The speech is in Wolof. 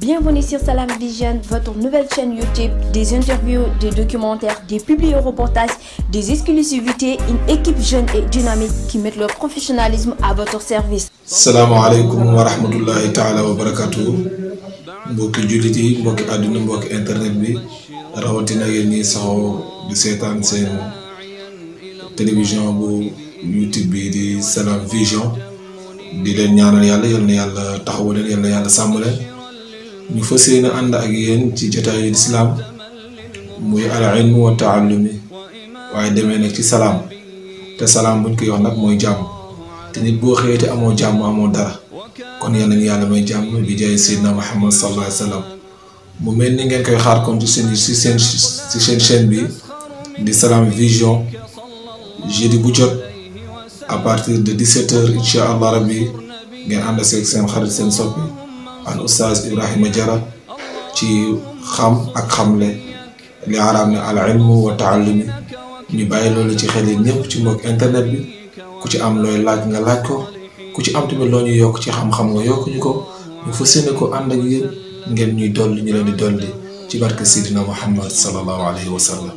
Bienvenue sur Salam Vision, votre nouvelle chaîne YouTube, des interviews, des documentaires, des publi-reportages, des exclusivités, une équipe jeune et dynamique qui met leur professionnalisme à votre service. salaamaaleykum wa rahmatullahi taala wa barakatuhu mbokki jullit yi mbokki àdduna mbokki internet bi rawatina yéen ñi saxoo di seetaan seen télévision bu YouTube bi di Salam Vision di leen ñaanal yàlla yal na yàlla taxawu leen yal na yàlla sàmm leen ñu fas yéene ànd ak yéen ci jotaayu lislaam muy al ilmu wa taallumi waaye demee nag ci salaam te salaam buñ koy wax nag mooy jàmm te nit boo xëyee te amoo jàmm amoo dara kon yal nañu yàlla mooy jàmm bi jaay Seydina Muhammad sallallahu alayhi wa sallam mu mel ni ngeen koy xaar kon ci seen si seen si seen chaîne bi di Salam Vision jeudi bu jot à partir de 17 heures incha allah rabbi ngeen ànd seeg seen xarit seen bi an oustaz Ibrahima Diarra ci xam ak xamle li arab ne al ilmu wa taallumi ñu bàyyi loolu ci xel yi ñëpp ci mbokk internet bi ku ci am looy laaj nga laaj ko ku ci am tamit loo ñuy yokk ci xam-xam nga yokk ko ñu fas yéene ko ànd ak yéen ngeen ñuy dolli ñu leen di dolli ci barke Sidina Muhammad sallallahu alayhi wa sallam